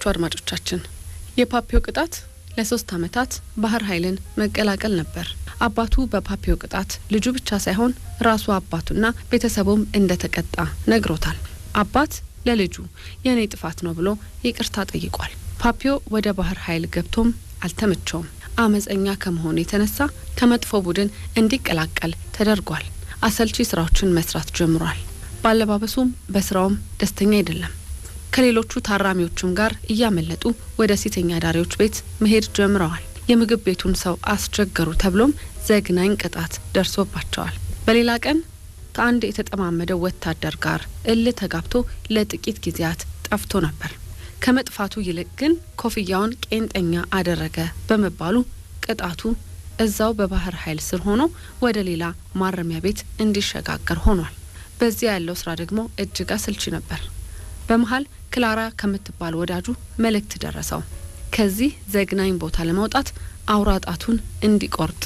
የተወደዳችሁ አድማጮቻችን የፓፒዮ ቅጣት ለሶስት ዓመታት ባህር ኃይልን መቀላቀል ነበር። አባቱ በፓፒዮ ቅጣት ልጁ ብቻ ሳይሆን ራሱ አባቱና ቤተሰቡም እንደተቀጣ ነግሮታል። አባት ለልጁ የእኔ ጥፋት ነው ብሎ ይቅርታ ጠይቋል። ፓፒዮ ወደ ባህር ኃይል ገብቶም አልተመቸውም። አመፀኛ ከመሆኑ የተነሳ ከመጥፎ ቡድን እንዲቀላቀል ተደርጓል። አሰልቺ ስራዎችን መስራት ጀምሯል። በአለባበሱም በስራውም ደስተኛ አይደለም። ከሌሎቹ ታራሚዎችም ጋር እያመለጡ ወደ ሴተኛ አዳሪዎች ቤት መሄድ ጀምረዋል። የምግብ ቤቱን ሰው አስቸገሩ ተብሎም ዘግናኝ ቅጣት ደርሶባቸዋል። በሌላ ቀን ከአንድ የተጠማመደው ወታደር ጋር እልህ ተጋብቶ ለጥቂት ጊዜያት ጠፍቶ ነበር። ከመጥፋቱ ይልቅ ግን ኮፍያውን ቄንጠኛ አደረገ በመባሉ ቅጣቱ እዛው በባህር ኃይል ስር ሆኖ ወደ ሌላ ማረሚያ ቤት እንዲሸጋገር ሆኗል። በዚያ ያለው ስራ ደግሞ እጅግ አሰልቺ ነበር። በመሀል ክላራ ከምትባል ወዳጁ መልእክት ደረሰው። ከዚህ ዘግናኝ ቦታ ለመውጣት አውራ ጣቱን እንዲቆርጥ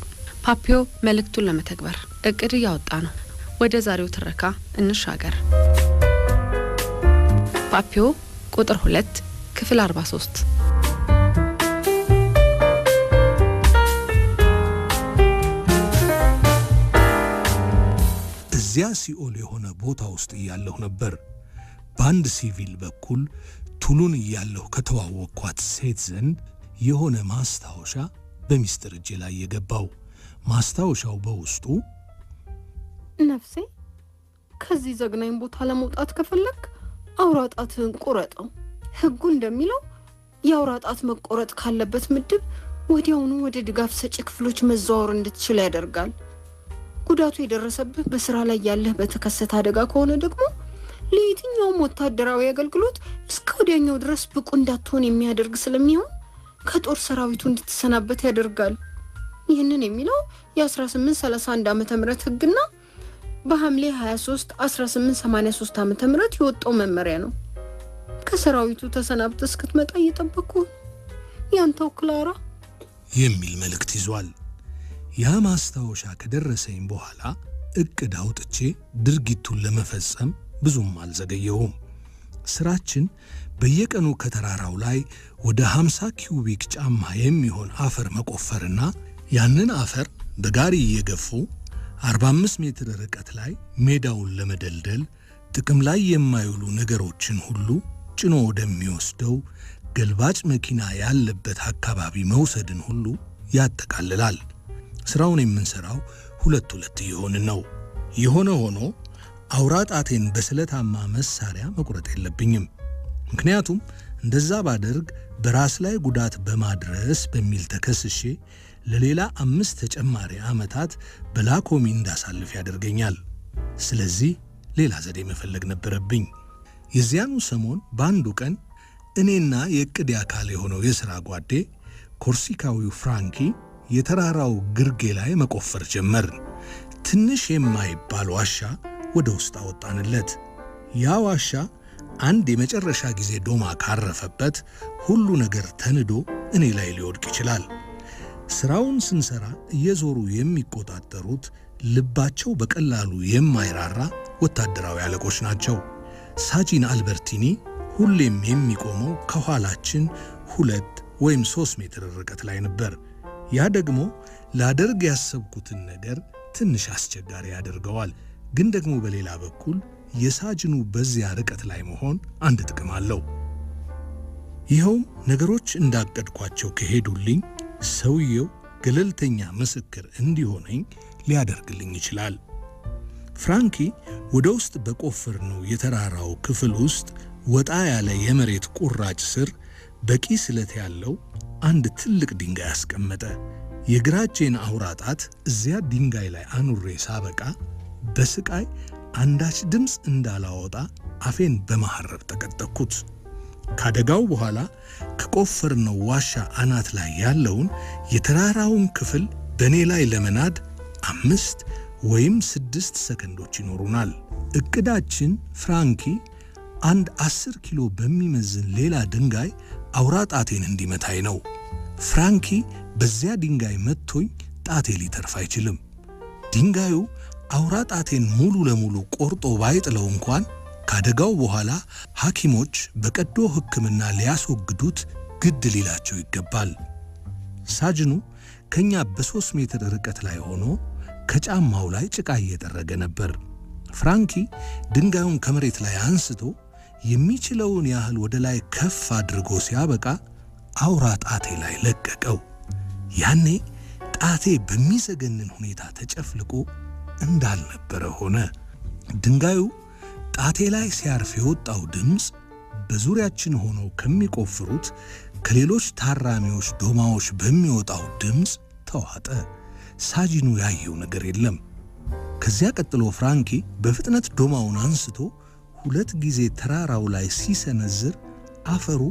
ፓፒዮ መልእክቱን ለመተግበር እቅድ እያወጣ ነው። ወደ ዛሬው ትረካ እንሻገር። ፓፒዮ ቁጥር 2 ክፍል 43 እዚያ ሲኦል የሆነ ቦታ ውስጥ እያለሁ ነበር በአንድ ሲቪል በኩል ቱሉን እያለሁ ከተዋወቅኳት ሴት ዘንድ የሆነ ማስታወሻ በሚስጥር እጄ ላይ የገባው። ማስታወሻው በውስጡ ነፍሴ ከዚህ ዘግናኝ ቦታ ለመውጣት ከፈለግ አውራ ጣትህን ቁረጠው። ህጉ እንደሚለው የአውራ ጣት መቆረጥ ካለበት ምድብ ወዲያውኑ ወደ ድጋፍ ሰጪ ክፍሎች መዘዋወር እንድትችል ያደርጋል። ጉዳቱ የደረሰብህ በስራ ላይ ያለህ በተከሰተ አደጋ ከሆነ ደግሞ ለየትኛውም ወታደራዊ አገልግሎት እስከ ወዲያኛው ድረስ ብቁ እንዳትሆን የሚያደርግ ስለሚሆን ከጦር ሰራዊቱ እንድትሰናበት ያደርጋል። ይህንን የሚለው የ1831 ዓ ም ህግና በሐምሌ 23 1883 ዓ ም የወጣው መመሪያ ነው። ከሰራዊቱ ተሰናብተ እስክትመጣ እየጠበቅኩ ያንተው ክላራ የሚል መልእክት ይዟል። ያ ማስታወሻ ከደረሰኝ በኋላ እቅድ አውጥቼ ድርጊቱን ለመፈጸም ብዙም አልዘገየሁም። ስራችን በየቀኑ ከተራራው ላይ ወደ 50 ኪዩቢክ ጫማ የሚሆን አፈር መቆፈርና ያንን አፈር በጋሪ እየገፉ 45 ሜትር ርቀት ላይ ሜዳውን ለመደልደል ጥቅም ላይ የማይውሉ ነገሮችን ሁሉ ጭኖ ወደሚወስደው ገልባጭ መኪና ያለበት አካባቢ መውሰድን ሁሉ ያጠቃልላል። ስራውን የምንሰራው ሁለት ሁለት እየሆንን ነው። የሆነ ሆኖ አውራ ጣቴን በስለታማ መሳሪያ መቁረጥ የለብኝም። ምክንያቱም እንደዛ ባደርግ በራስ ላይ ጉዳት በማድረስ በሚል ተከስሼ ለሌላ አምስት ተጨማሪ ዓመታት በላኮሚ እንዳሳልፍ ያደርገኛል። ስለዚህ ሌላ ዘዴ መፈለግ ነበረብኝ። የዚያኑ ሰሞን በአንዱ ቀን እኔና የእቅድ አካል የሆነው የሥራ ጓዴ ኮርሲካዊው ፍራንኪ የተራራው ግርጌ ላይ መቆፈር ጀመርን። ትንሽ የማይባል ዋሻ ወደ ውስጥ አወጣንለት። ያ ዋሻ አንድ የመጨረሻ ጊዜ ዶማ ካረፈበት ሁሉ ነገር ተንዶ እኔ ላይ ሊወድቅ ይችላል። ስራውን ስንሰራ እየዞሩ የሚቆጣጠሩት ልባቸው በቀላሉ የማይራራ ወታደራዊ አለቆች ናቸው። ሳጂን አልበርቲኒ ሁሌም የሚቆመው ከኋላችን ሁለት ወይም ሶስት ሜትር ርቀት ላይ ነበር። ያ ደግሞ ላደርግ ያሰብኩትን ነገር ትንሽ አስቸጋሪ ያደርገዋል። ግን ደግሞ በሌላ በኩል የሳጅኑ በዚያ ርቀት ላይ መሆን አንድ ጥቅም አለው። ይኸውም ነገሮች እንዳቀድኳቸው ከሄዱልኝ ሰውየው ገለልተኛ ምስክር እንዲሆነኝ ሊያደርግልኝ ይችላል። ፍራንኪ ወደ ውስጥ ነው የተራራው ክፍል ውስጥ ወጣ ያለ የመሬት ቁራጭ ስር በቂ ስለት ያለው አንድ ትልቅ ድንጋይ አስቀመጠ። የግራ አውራጣት ጣት እዚያ ድንጋይ ላይ አኑሬ ሳበቃ በስቃይ አንዳች ድምፅ እንዳላወጣ አፌን በመሐረብ ተቀጠቅኩት። ካደጋው በኋላ ከቆፈርነው ዋሻ አናት ላይ ያለውን የተራራውን ክፍል በእኔ ላይ ለመናድ አምስት ወይም ስድስት ሰከንዶች ይኖሩናል። እቅዳችን ፍራንኪ አንድ አስር ኪሎ በሚመዝን ሌላ ድንጋይ አውራ ጣቴን እንዲመታኝ ነው። ፍራንኪ በዚያ ድንጋይ መጥቶኝ ጣቴ ሊተርፍ አይችልም። ድንጋዩ አውራ ጣቴን ሙሉ ለሙሉ ቆርጦ ባይጥለው እንኳን ካደጋው በኋላ ሐኪሞች በቀዶ ሕክምና ሊያስወግዱት ግድ ሊላቸው ይገባል። ሳጅኑ ከእኛ በሦስት ሜትር ርቀት ላይ ሆኖ ከጫማው ላይ ጭቃ እየጠረገ ነበር። ፍራንኪ ድንጋዩን ከመሬት ላይ አንስቶ የሚችለውን ያህል ወደ ላይ ከፍ አድርጎ ሲያበቃ አውራ ጣቴ ላይ ለቀቀው። ያኔ ጣቴ በሚዘገንን ሁኔታ ተጨፍልቆ እንዳልነበረ ሆነ። ድንጋዩ ጣቴ ላይ ሲያርፍ የወጣው ድምፅ በዙሪያችን ሆነው ከሚቆፍሩት ከሌሎች ታራሚዎች ዶማዎች በሚወጣው ድምፅ ተዋጠ። ሳጂኑ ያየው ነገር የለም። ከዚያ ቀጥሎ ፍራንኪ በፍጥነት ዶማውን አንስቶ ሁለት ጊዜ ተራራው ላይ ሲሰነዝር አፈሩ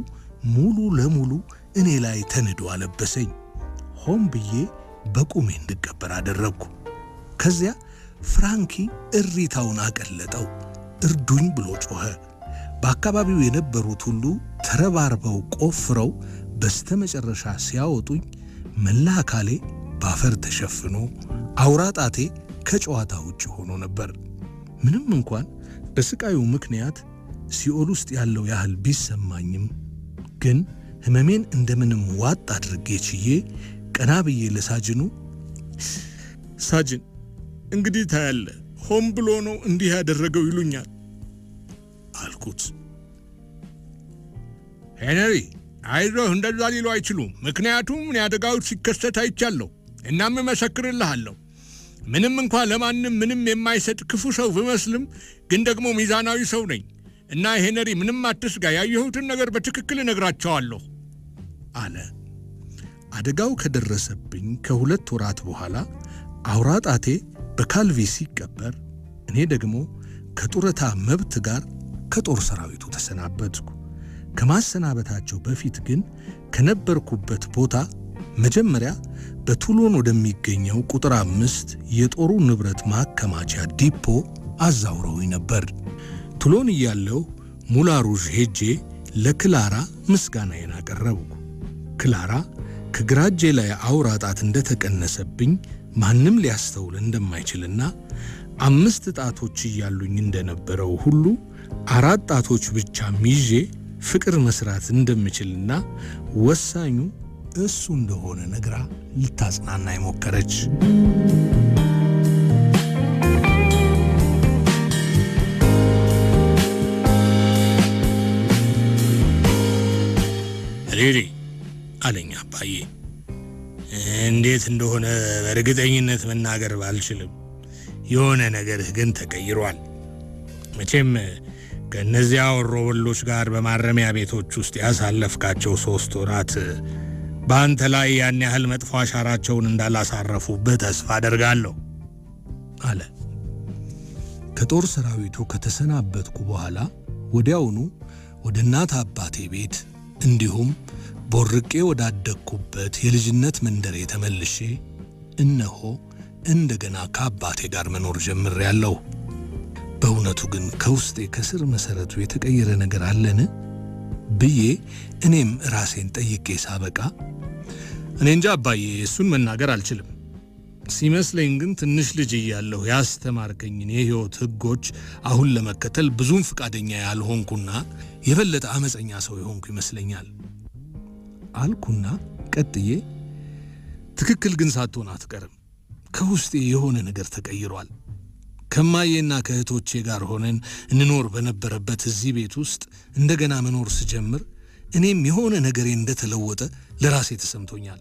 ሙሉ ለሙሉ እኔ ላይ ተንዶ አለበሰኝ። ሆም ብዬ በቁሜ እንድቀበር አደረግኩ። ከዚያ ፍራንኪ እሪታውን አቀለጠው። እርዱኝ ብሎ ጮኸ። በአካባቢው የነበሩት ሁሉ ተረባርበው ቆፍረው በስተ መጨረሻ ሲያወጡኝ መላ አካሌ በአፈር ተሸፍኖ አውራ ጣቴ ከጨዋታ ውጭ ሆኖ ነበር። ምንም እንኳን በስቃዩ ምክንያት ሲኦል ውስጥ ያለው ያህል ቢሰማኝም ግን ህመሜን እንደምንም ዋጥ አድርጌ ችዬ ቀና ብዬ ለሳጅኑ ሳጅን እንግዲህ ታያለ፣ ሆን ብሎ ነው እንዲህ ያደረገው ይሉኛል አልኩት። ሄነሪ አይዞህ፣ እንደዛ ሊሉ አይችሉም። ምክንያቱም እኔ አደጋው ሲከሰት አይቻለሁ። እናም እመሰክርልሃለሁ ምንም እንኳ ለማንም ምንም የማይሰጥ ክፉ ሰው ብመስልም፣ ግን ደግሞ ሚዛናዊ ሰው ነኝ እና ሄነሪ፣ ምንም አትስጋ፣ ያየሁትን ነገር በትክክል እነግራቸዋለሁ አለ። አደጋው ከደረሰብኝ ከሁለት ወራት በኋላ አውራ ጣቴ በካልቪ ሲቀበር እኔ ደግሞ ከጡረታ መብት ጋር ከጦር ሰራዊቱ ተሰናበትኩ። ከማሰናበታቸው በፊት ግን ከነበርኩበት ቦታ መጀመሪያ በቱሎን ወደሚገኘው ቁጥር አምስት የጦሩ ንብረት ማከማቻ ዲፖ አዛውረውኝ ነበር። ቱሎን እያለው ሙላሩዥ ሄጄ ለክላራ ምስጋናዬን አቀረብኩ። ክላራ ከግራ ላይ አውራ ጣት እንደተቀነሰብኝ ማንም ሊያስተውል እንደማይችልና አምስት ጣቶች እያሉኝ እንደነበረው ሁሉ አራት ጣቶች ብቻ ይዤ ፍቅር መስራት እንደምችልና ወሳኙ እሱ እንደሆነ ነግራ ልታጽናና የሞከረች ሪሪ አለኝ አባዬ እንዴት እንደሆነ በእርግጠኝነት መናገር ባልችልም የሆነ ነገርህ ግን ተቀይሯል። መቼም ከእነዚያ ወሮበሎች ጋር በማረሚያ ቤቶች ውስጥ ያሳለፍካቸው ሦስት ወራት በአንተ ላይ ያን ያህል መጥፎ አሻራቸውን እንዳላሳረፉብህ ተስፋ አደርጋለሁ አለ። ከጦር ሰራዊቱ ከተሰናበትኩ በኋላ ወዲያውኑ ወደ እናት አባቴ ቤት እንዲሁም ቦርቄ ወዳደግኩበት የልጅነት መንደሬ ተመልሼ እነሆ እንደገና ከአባቴ ጋር መኖር ጀምሬያለሁ። በእውነቱ ግን ከውስጤ ከስር መሠረቱ የተቀየረ ነገር አለን ብዬ እኔም ራሴን ጠይቄ ሳበቃ እኔ እንጃ አባዬ፣ እሱን መናገር አልችልም። ሲመስለኝ ግን ትንሽ ልጅ እያለሁ ያስተማርከኝን የሕይወት ሕጎች አሁን ለመከተል ብዙም ፈቃደኛ ያልሆንኩና የበለጠ አመፀኛ ሰው የሆንኩ ይመስለኛል። አልኩና ቀጥዬ ትክክል ግን ሳትሆን አትቀርም። ከውስጤ የሆነ ነገር ተቀይሯል። ከማዬና ከእህቶቼ ጋር ሆነን እንኖር በነበረበት እዚህ ቤት ውስጥ እንደገና መኖር ስጀምር እኔም የሆነ ነገሬ እንደተለወጠ ለራሴ ተሰምቶኛል።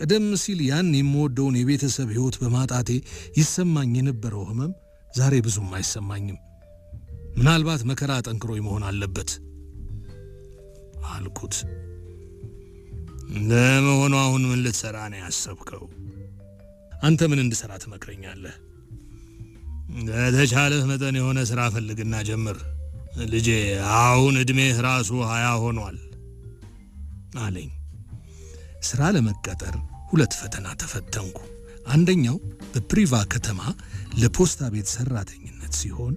ቀደም ሲል ያን የምወደውን የቤተሰብ ሕይወት በማጣቴ ይሰማኝ የነበረው ሕመም ዛሬ ብዙም አይሰማኝም። ምናልባት መከራ ጠንክሮኝ መሆን አለበት አልኩት። ለመሆኑ አሁን ምን ልትሰራ ነው ያሰብከው? አንተ ምን እንድሰራ ትመክረኛለህ? በተቻለህ መጠን የሆነ ስራ ፈልግና ጀምር ልጄ። አሁን እድሜህ ራሱ ሀያ ሆኗል አለኝ። ስራ ለመቀጠር ሁለት ፈተና ተፈተንኩ። አንደኛው በፕሪቫ ከተማ ለፖስታ ቤት ሰራተኝነት ሲሆን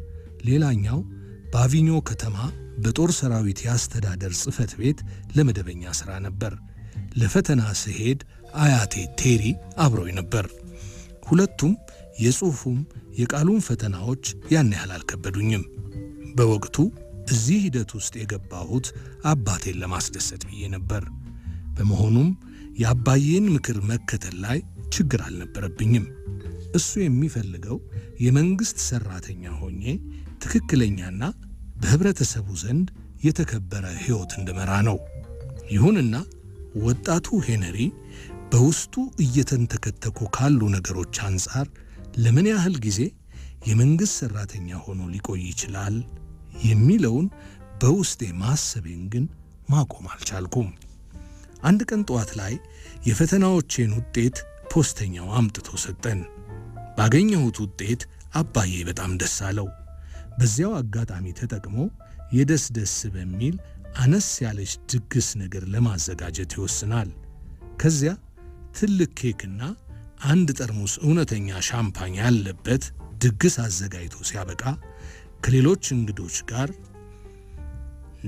ሌላኛው በአቪኞ ከተማ በጦር ሰራዊት የአስተዳደር ጽህፈት ቤት ለመደበኛ ስራ ነበር። ለፈተና ስሄድ አያቴ ቴሪ አብሮኝ ነበር። ሁለቱም የጽሑፉም የቃሉም ፈተናዎች ያን ያህል አልከበዱኝም። በወቅቱ እዚህ ሂደት ውስጥ የገባሁት አባቴን ለማስደሰት ብዬ ነበር። በመሆኑም የአባዬን ምክር መከተል ላይ ችግር አልነበረብኝም። እሱ የሚፈልገው የመንግሥት ሠራተኛ ሆኜ ትክክለኛና በኅብረተሰቡ ዘንድ የተከበረ ሕይወት እንድመራ ነው። ይሁንና ወጣቱ ሄነሪ በውስጡ እየተንተከተኩ ካሉ ነገሮች አንጻር ለምን ያህል ጊዜ የመንግሥት ሠራተኛ ሆኖ ሊቆይ ይችላል የሚለውን በውስጤ ማሰቤን ግን ማቆም አልቻልኩም። አንድ ቀን ጠዋት ላይ የፈተናዎቼን ውጤት ፖስተኛው አምጥቶ ሰጠን። ባገኘሁት ውጤት አባዬ በጣም ደስ አለው። በዚያው አጋጣሚ ተጠቅሞ የደስ ደስ በሚል አነስ ያለች ድግስ ነገር ለማዘጋጀት ይወስናል። ከዚያ ትልቅ ኬክና አንድ ጠርሙስ እውነተኛ ሻምፓኝ ያለበት ድግስ አዘጋጅቶ ሲያበቃ ከሌሎች እንግዶች ጋር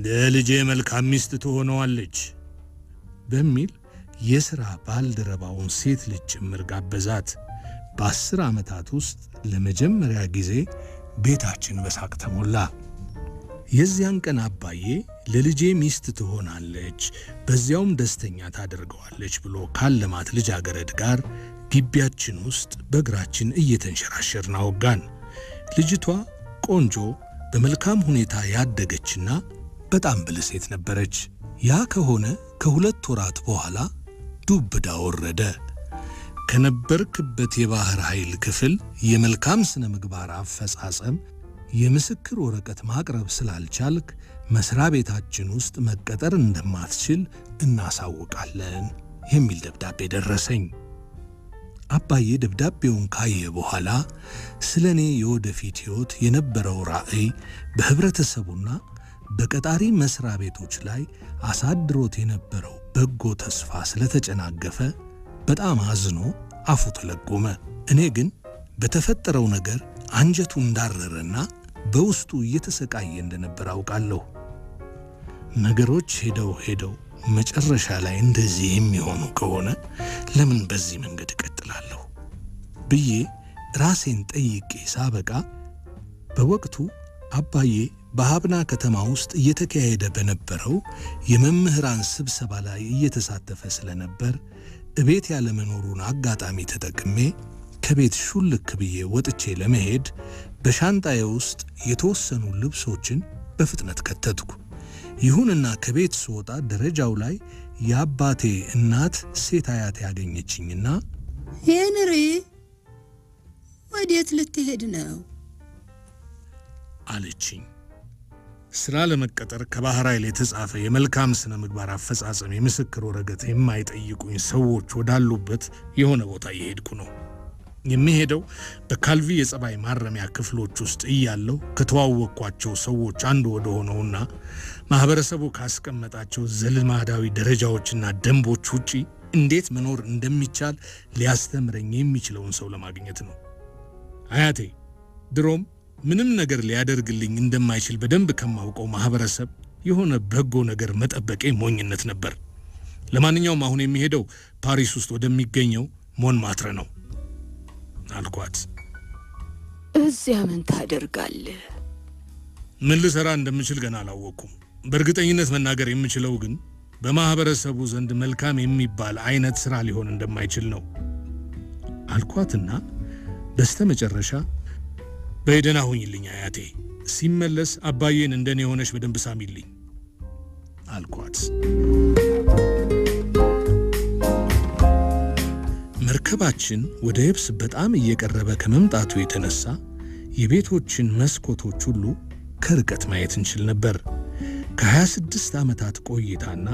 ለልጄ መልካም ሚስት ትሆነዋለች በሚል የሥራ ባልደረባውን ሴት ልጅ ጭምር ጋበዛት። በአስር ዓመታት ውስጥ ለመጀመሪያ ጊዜ ቤታችን በሳቅ ተሞላ። የዚያን ቀን አባዬ ለልጄ ሚስት ትሆናለች፣ በዚያውም ደስተኛ ታደርገዋለች ብሎ ካለማት ልጃገረድ ጋር ግቢያችን ውስጥ በእግራችን እየተንሸራሸርን አወጋን። ልጅቷ ቆንጆ፣ በመልካም ሁኔታ ያደገችና በጣም ብልህ ሴት ነበረች። ያ ከሆነ ከሁለት ወራት በኋላ ዱብዳ ወረደ። ከነበርክበት የባህር ኃይል ክፍል የመልካም ስነ ምግባር አፈጻጸም የምስክር ወረቀት ማቅረብ ስላልቻልክ መስሪያ ቤታችን ውስጥ መቀጠር እንደማትችል እናሳውቃለን የሚል ደብዳቤ ደረሰኝ። አባዬ ደብዳቤውን ካየ በኋላ ስለ እኔ የወደፊት ሕይወት የነበረው ራዕይ በኅብረተሰቡና በቀጣሪ መስሪያ ቤቶች ላይ አሳድሮት የነበረው በጎ ተስፋ ስለተጨናገፈ በጣም አዝኖ አፉ ተለጎመ። እኔ ግን በተፈጠረው ነገር አንጀቱ እንዳረረና በውስጡ እየተሰቃየ እንደነበር አውቃለሁ። ነገሮች ሄደው ሄደው መጨረሻ ላይ እንደዚህ የሚሆኑ ከሆነ ለምን በዚህ መንገድ እቀጥላለሁ ብዬ ራሴን ጠይቄ ሳበቃ በወቅቱ አባዬ በሀብና ከተማ ውስጥ እየተካሄደ በነበረው የመምህራን ስብሰባ ላይ እየተሳተፈ ስለነበር እቤት ያለመኖሩን አጋጣሚ ተጠቅሜ ከቤት ሹልክ ብዬ ወጥቼ ለመሄድ በሻንጣዬ ውስጥ የተወሰኑ ልብሶችን በፍጥነት ከተትኩ። ይሁንና ከቤት ስወጣ ደረጃው ላይ የአባቴ እናት ሴት አያት ያገኘችኝና ሄንሪ ወዴት ልትሄድ ነው አለችኝ። ስራ ለመቀጠር ከባህር ኃይል የተጻፈ የመልካም ስነ ምግባር አፈጻጸም የምስክር ወረቀት የማይጠይቁኝ ሰዎች ወዳሉበት የሆነ ቦታ እየሄድኩ ነው። የሚሄደው በካልቪ የጸባይ ማረሚያ ክፍሎች ውስጥ እያለው ከተዋወቅኳቸው ሰዎች አንዱ ወደ ሆነውና ማህበረሰቡ ካስቀመጣቸው ዘልማዳዊ ደረጃዎችና ደንቦች ውጪ እንዴት መኖር እንደሚቻል ሊያስተምረኝ የሚችለውን ሰው ለማግኘት ነው። አያቴ ድሮም ምንም ነገር ሊያደርግልኝ እንደማይችል በደንብ ከማውቀው ማህበረሰብ የሆነ በጎ ነገር መጠበቄ ሞኝነት ነበር። ለማንኛውም አሁን የሚሄደው ፓሪስ ውስጥ ወደሚገኘው ሞን ማትረ ነው። አልኳት። እዚያ ምን ታደርጋለህ? ምን ልሰራ እንደምችል ገና አላወቅኩም። በእርግጠኝነት መናገር የምችለው ግን በማኅበረሰቡ ዘንድ መልካም የሚባል አይነት ሥራ ሊሆን እንደማይችል ነው አልኳትና በስተ መጨረሻ በደህና ሁኝልኝ አያቴ፣ ሲመለስ አባዬን እንደኔ የሆነች በደንብ ሳሚልኝ አልኳት። መርከባችን ወደ የብስ በጣም እየቀረበ ከመምጣቱ የተነሳ የቤቶችን መስኮቶች ሁሉ ከርቀት ማየት እንችል ነበር። ከ26 ዓመታት ቆይታና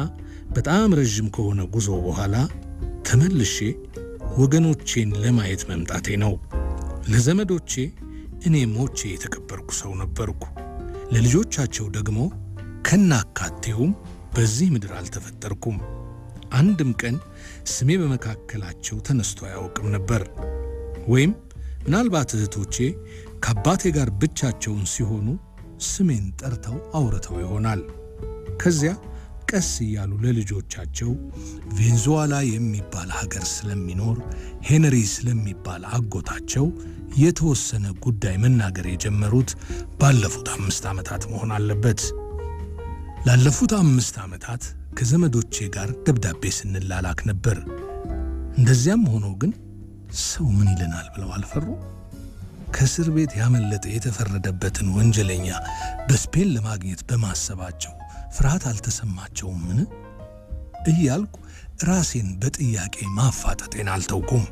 በጣም ረዥም ከሆነ ጉዞ በኋላ ተመልሼ ወገኖቼን ለማየት መምጣቴ ነው። ለዘመዶቼ እኔ ሞቼ የተከበርኩ ሰው ነበርኩ። ለልጆቻቸው ደግሞ ከናካቴውም በዚህ ምድር አልተፈጠርኩም። አንድም ቀን ስሜ በመካከላቸው ተነስቶ አያውቅም ነበር። ወይም ምናልባት እህቶቼ ከአባቴ ጋር ብቻቸውን ሲሆኑ ስሜን ጠርተው አውርተው ይሆናል። ከዚያ ቀስ እያሉ ለልጆቻቸው ቬንዙዋላ የሚባል ሀገር ስለሚኖር ሄንሪ ስለሚባል አጎታቸው የተወሰነ ጉዳይ መናገር የጀመሩት ባለፉት አምስት ዓመታት መሆን አለበት። ላለፉት አምስት ዓመታት ከዘመዶቼ ጋር ደብዳቤ ስንላላክ ነበር። እንደዚያም ሆኖ ግን ሰው ምን ይለናል ብለው አልፈሩ። ከእስር ቤት ያመለጠ የተፈረደበትን ወንጀለኛ በስፔን ለማግኘት በማሰባቸው ፍርሃት አልተሰማቸውምን እያልኩ ራሴን በጥያቄ ማፋጠጤን አልተውኩም።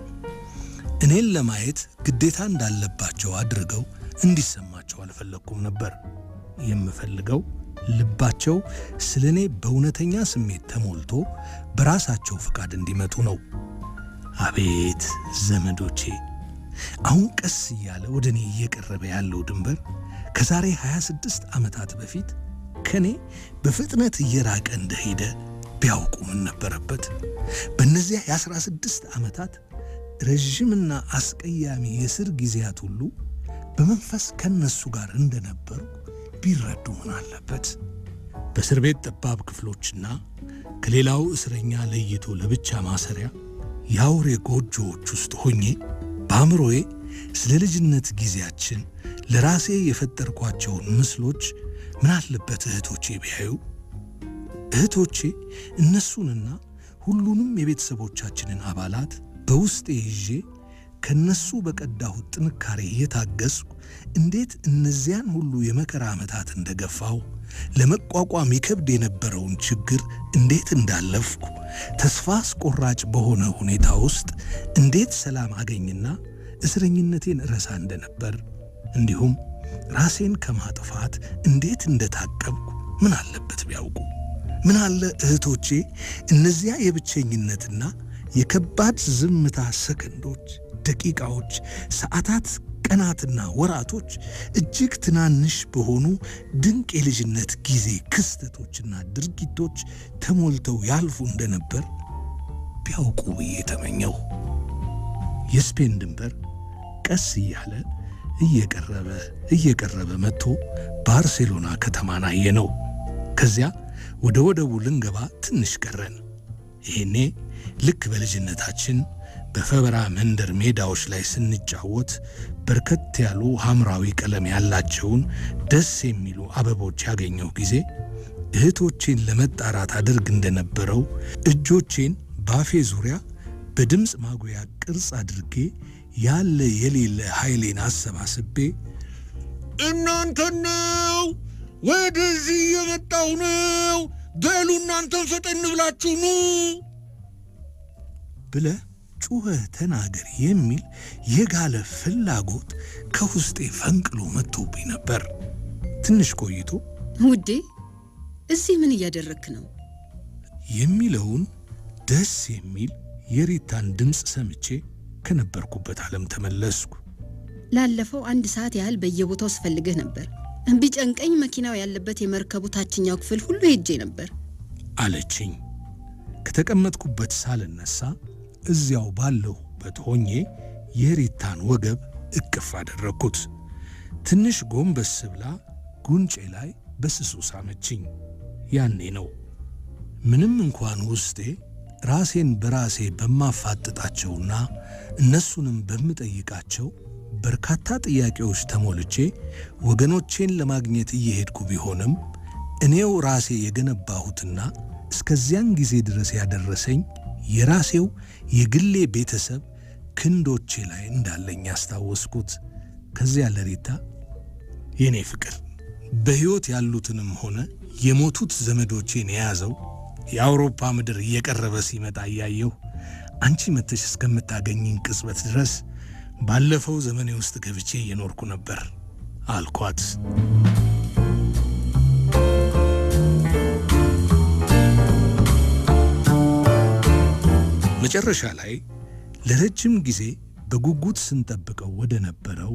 እኔን ለማየት ግዴታ እንዳለባቸው አድርገው እንዲሰማቸው አልፈለግኩም ነበር። የምፈልገው ልባቸው ስለ እኔ በእውነተኛ ስሜት ተሞልቶ በራሳቸው ፈቃድ እንዲመጡ ነው። አቤት ዘመዶቼ! አሁን ቀስ እያለ ወደ እኔ እየቀረበ ያለው ድንበር ከዛሬ 26 ዓመታት በፊት ከእኔ በፍጥነት እየራቀ እንደሄደ ቢያውቁ ምን ነበረበት? በእነዚያ የ16 ዓመታት ረዥምና አስቀያሚ የስር ጊዜያት ሁሉ በመንፈስ ከነሱ ጋር እንደነበሩ! ቢረዱ ምን አለበት? በእስር ቤት ጠባብ ክፍሎችና ከሌላው እስረኛ ለይቶ ለብቻ ማሰሪያ የአውሬ ጎጆዎች ውስጥ ሆኜ በአእምሮዬ ስለ ልጅነት ጊዜያችን ለራሴ የፈጠርኳቸውን ምስሎች ምን አለበት እህቶቼ ቢያዩ። እህቶቼ እነሱንና ሁሉንም የቤተሰቦቻችንን አባላት በውስጤ ይዤ ከነሱ በቀዳሁት ጥንካሬ እየታገስኩ እንዴት እነዚያን ሁሉ የመከራ ዓመታት እንደገፋው ለመቋቋም ይከብድ የነበረውን ችግር እንዴት እንዳለፍኩ ተስፋ አስቆራጭ በሆነ ሁኔታ ውስጥ እንዴት ሰላም አገኝና እስረኝነቴን እረሳ እንደነበር እንዲሁም ራሴን ከማጥፋት እንዴት እንደታቀብኩ ምን አለበት ቢያውቁ። ምን አለ እህቶቼ እነዚያ የብቸኝነትና የከባድ ዝምታ ሰከንዶች ደቂቃዎች፣ ሰዓታት፣ ቀናትና ወራቶች እጅግ ትናንሽ በሆኑ ድንቅ የልጅነት ጊዜ ክስተቶችና ድርጊቶች ተሞልተው ያልፉ እንደነበር ቢያውቁ ብዬ ተመኘሁ። የስፔን ድንበር ቀስ እያለ እየቀረበ እየቀረበ መጥቶ ባርሴሎና ከተማን ነው። ከዚያ ወደ ወደቡ ልንገባ ትንሽ ቀረን። ይሄኔ ልክ በልጅነታችን በፈበራ መንደር ሜዳዎች ላይ ስንጫወት በርከት ያሉ ሐምራዊ ቀለም ያላቸውን ደስ የሚሉ አበቦች ያገኘሁ ጊዜ እህቶቼን ለመጣራት አድርግ እንደነበረው እጆቼን ባፌ ዙሪያ በድምፅ ማጉያ ቅርጽ አድርጌ ያለ የሌለ ኃይሌን አሰባስቤ እናንተን ነው ወደዚህ የመጣው ነው በሉ እናንተን ሰጠን ብላችሁ ኑ ብለህ ጩኸህ ተናገር የሚል የጋለ ፍላጎት ከውስጤ ፈንቅሎ መጥቶብኝ ነበር። ትንሽ ቆይቶ ውዴ እዚህ ምን እያደረግክ ነው የሚለውን ደስ የሚል የሪታን ድምፅ ሰምቼ ከነበርኩበት ዓለም ተመለስኩ። ላለፈው አንድ ሰዓት ያህል በየቦታው ስፈልግህ ነበር። እምቢ ጨንቀኝ መኪናው ያለበት የመርከቡ ታችኛው ክፍል ሁሉ ሄጄ ነበር አለችኝ። ከተቀመጥኩበት ሳልነሳ እዚያው ባለሁበት ሆኜ የሪታን ወገብ እቅፍ አደረግኩት። ትንሽ ጎንበስ ብላ ጉንጬ ላይ በስሱ ሳመችኝ። ያኔ ነው ምንም እንኳን ውስጤ ራሴን በራሴ በማፋጥጣቸውና እነሱንም በምጠይቃቸው በርካታ ጥያቄዎች ተሞልቼ ወገኖቼን ለማግኘት እየሄድኩ ቢሆንም እኔው ራሴ የገነባሁትና እስከዚያን ጊዜ ድረስ ያደረሰኝ የራሴው የግሌ ቤተሰብ ክንዶቼ ላይ እንዳለኝ ያስታወስኩት። ከዚያ ለሬታ የእኔ ፍቅር በሕይወት ያሉትንም ሆነ የሞቱት ዘመዶቼን የያዘው የአውሮፓ ምድር እየቀረበ ሲመጣ እያየሁ አንቺ መተሽ እስከምታገኝን ቅጽበት ድረስ ባለፈው ዘመኔ ውስጥ ገብቼ እየኖርኩ ነበር አልኳት። መጨረሻ ላይ ለረጅም ጊዜ በጉጉት ስንጠብቀው ወደ ነበረው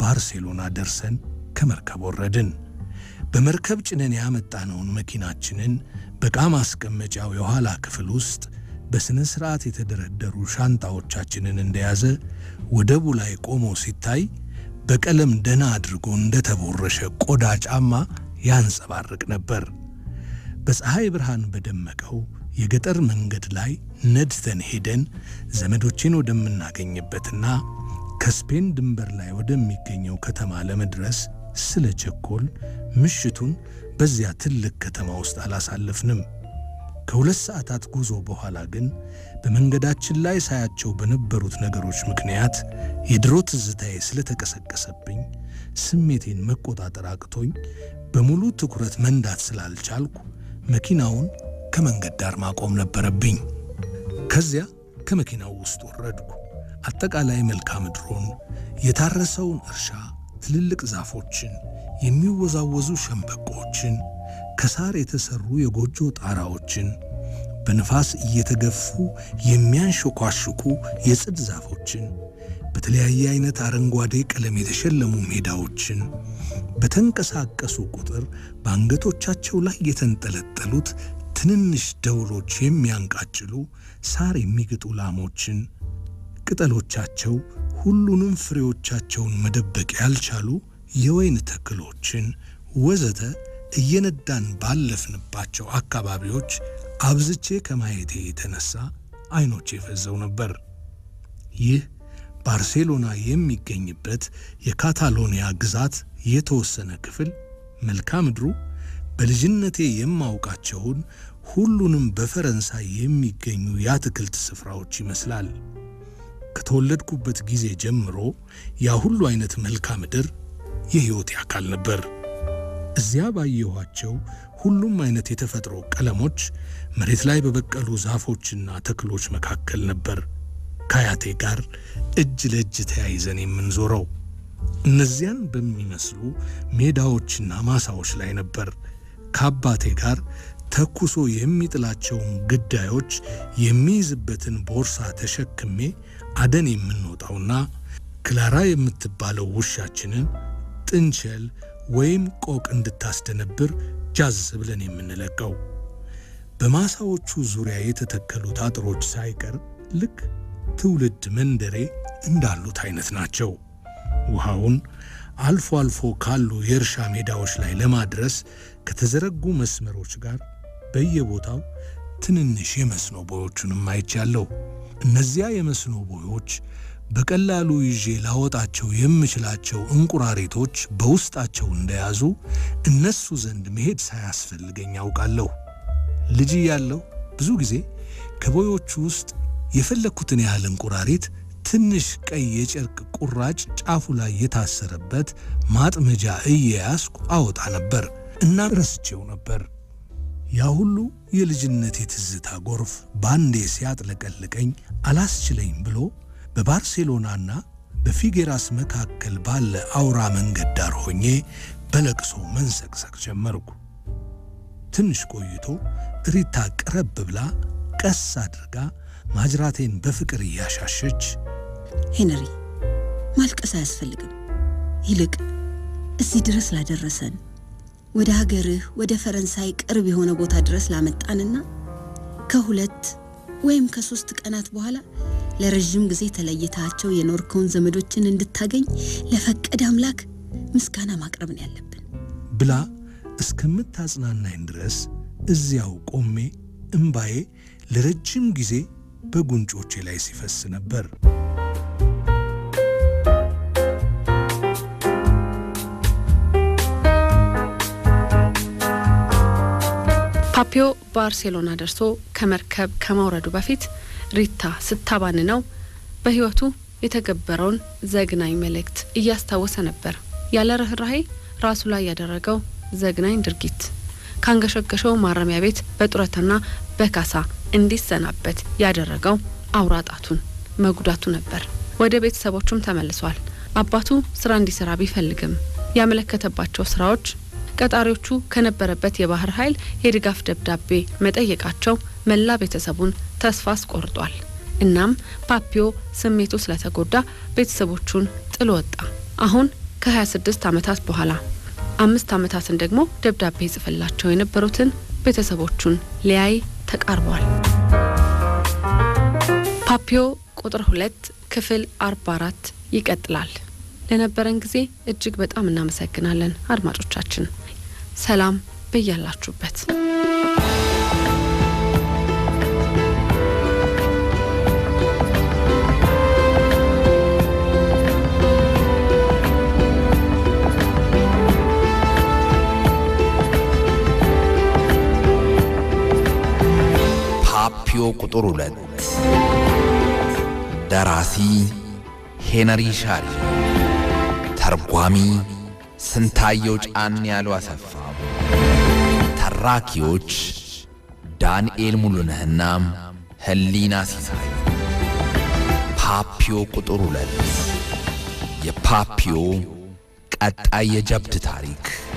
ባርሴሎና ደርሰን ከመርከብ ወረድን። በመርከብ ጭነን ያመጣነውን መኪናችንን በዕቃ ማስቀመጫው የኋላ ክፍል ውስጥ በሥነ ሥርዓት የተደረደሩ ሻንጣዎቻችንን እንደያዘ ወደቡ ላይ ቆሞ ሲታይ በቀለም ደና አድርጎ እንደተቦረሸ ቆዳ ጫማ ያንጸባርቅ ነበር። በፀሐይ ብርሃን በደመቀው የገጠር መንገድ ላይ ነድተን ሄደን ዘመዶቼን ወደምናገኝበትና ከስፔን ድንበር ላይ ወደሚገኘው ከተማ ለመድረስ ስለ ቸኮል ምሽቱን በዚያ ትልቅ ከተማ ውስጥ አላሳለፍንም። ከሁለት ሰዓታት ጉዞ በኋላ ግን በመንገዳችን ላይ ሳያቸው በነበሩት ነገሮች ምክንያት የድሮ ትዝታዬ ስለተቀሰቀሰብኝ ስሜቴን መቆጣጠር አቅቶኝ በሙሉ ትኩረት መንዳት ስላልቻልኩ መኪናውን ከመንገድ ዳር ማቆም ነበረብኝ። ከዚያ ከመኪናው ውስጥ ወረድኩ። አጠቃላይ መልክዓ ምድሩን፣ የታረሰውን እርሻ፣ ትልልቅ ዛፎችን፣ የሚወዛወዙ ሸንበቆዎችን ከሳር የተሰሩ የጎጆ ጣራዎችን፣ በንፋስ እየተገፉ የሚያንሸኳሽኩ የጽድ ዛፎችን፣ በተለያየ አይነት አረንጓዴ ቀለም የተሸለሙ ሜዳዎችን፣ በተንቀሳቀሱ ቁጥር በአንገቶቻቸው ላይ የተንጠለጠሉት ትንንሽ ደውሎች የሚያንቃጭሉ ሳር የሚግጡ ላሞችን ቅጠሎቻቸው ሁሉንም ፍሬዎቻቸውን መደበቅ ያልቻሉ የወይን ተክሎችን ወዘተ እየነዳን ባለፍንባቸው አካባቢዎች አብዝቼ ከማየቴ የተነሳ አይኖች ፈዘው ነበር። ይህ ባርሴሎና የሚገኝበት የካታሎኒያ ግዛት የተወሰነ ክፍል መልክዓ ምድሩ በልጅነቴ የማውቃቸውን ሁሉንም በፈረንሳይ የሚገኙ የአትክልት ስፍራዎች ይመስላል። ከተወለድኩበት ጊዜ ጀምሮ ያ ሁሉ አይነት መልክዓ ምድር የሕይወቴ አካል ነበር። እዚያ ባየኋቸው ሁሉም አይነት የተፈጥሮ ቀለሞች መሬት ላይ በበቀሉ ዛፎችና ተክሎች መካከል ነበር ከአያቴ ጋር እጅ ለእጅ ተያይዘን የምንዞረው። እነዚያን በሚመስሉ ሜዳዎችና ማሳዎች ላይ ነበር ከአባቴ ጋር ተኩሶ የሚጥላቸውን ግዳዮች የሚይዝበትን ቦርሳ ተሸክሜ አደን የምንወጣውና ክላራ የምትባለው ውሻችንን ጥንቸል ወይም ቆቅ እንድታስደነብር ጃዝ ብለን የምንለቀው በማሳዎቹ ዙሪያ የተተከሉት አጥሮች ሳይቀር ልክ ትውልድ መንደሬ እንዳሉት አይነት ናቸው። ውሃውን አልፎ አልፎ ካሉ የእርሻ ሜዳዎች ላይ ለማድረስ ከተዘረጉ መስመሮች ጋር በየቦታው ትንንሽ የመስኖ ቦዮቹንም አይቻለሁ። እነዚያ የመስኖ ቦዮች በቀላሉ ይዤ ላወጣቸው የምችላቸው እንቁራሪቶች በውስጣቸው እንደያዙ እነሱ ዘንድ መሄድ ሳያስፈልገኝ ያውቃለሁ። ልጅ እያለሁ ብዙ ጊዜ ከቦዮቹ ውስጥ የፈለግኩትን ያህል እንቁራሪት ትንሽ ቀይ የጨርቅ ቁራጭ ጫፉ ላይ የታሰረበት ማጥመጃ እየያዝኩ አወጣ ነበር እና ረስቼው ነበር። ያ ሁሉ የልጅነት የትዝታ ጎርፍ ባንዴ ሲያጥለቀልቀኝ አላስችለኝ ብሎ በባርሴሎናና በፊጌራስ መካከል ባለ አውራ መንገድ ዳር ሆኜ በለቅሶ መንሰቅሰቅ ጀመርኩ። ትንሽ ቆይቶ ሪታ ቀረብ ብላ ቀስ አድርጋ ማጅራቴን በፍቅር እያሻሸች ሄነሪ፣ ማልቀስ አያስፈልግም፣ ይልቅ እዚህ ድረስ ላደረሰን ወደ ሀገርህ ወደ ፈረንሳይ ቅርብ የሆነ ቦታ ድረስ ላመጣንና ከሁለት ወይም ከሶስት ቀናት በኋላ ለረዥም ጊዜ ተለይታቸው የኖርከውን ዘመዶችን እንድታገኝ ለፈቀደ አምላክ ምስጋና ማቅረብ ነው ያለብን ብላ እስከምታጽናናኝ ድረስ እዚያው ቆሜ እምባዬ ለረጅም ጊዜ በጉንጮቼ ላይ ሲፈስ ነበር። ካፒዮ ባርሴሎና ደርሶ ከመርከብ ከመውረዱ በፊት ሪታ ስታባን ነው በህይወቱ የተገበረውን ዘግናኝ መልእክት እያስታወሰ ነበር። ያለ ርኅራሄ ራሱ ላይ ያደረገው ዘግናኝ ድርጊት ካንገሸገሸው ማረሚያ ቤት በጡረትና በካሳ እንዲሰናበት ያደረገው አውራ ጣቱን መጉዳቱ ነበር። ወደ ቤተሰቦቹም ተመልሷል። አባቱ ስራ እንዲሰራ ቢፈልግም ያመለከተባቸው ስራዎች ቀጣሪዎቹ ከነበረበት የባህር ኃይል የድጋፍ ደብዳቤ መጠየቃቸው መላ ቤተሰቡን ተስፋ አስቆርጧል። እናም ፓፒዮ ስሜቱ ስለተጎዳ ቤተሰቦቹን ጥሎ ወጣ። አሁን ከ26 ዓመታት በኋላ አምስት ዓመታትን ደግሞ ደብዳቤ ይጽፍላቸው የነበሩትን ቤተሰቦቹን ሊያይ ተቃርቧል። ፓፒዮ ቁጥር ሁለት ክፍል 44 ይቀጥላል። ለነበረን ጊዜ እጅግ በጣም እናመሰግናለን አድማጮቻችን። ሰላም በያላችሁበት ፓፒዮ ቁጥር ሁለት ደራሲ ሄነሪ ሻሪ፣ ተርጓሚ ስንታየው ጫን ያሉ አሰፋ ተራኪዎች ዳንኤል ሙሉነህና ህሊና ሲሳይ። ፓፒዮ ቁጥር ሁለት የፓፒዮ ቀጣይ የጀብድ ታሪክ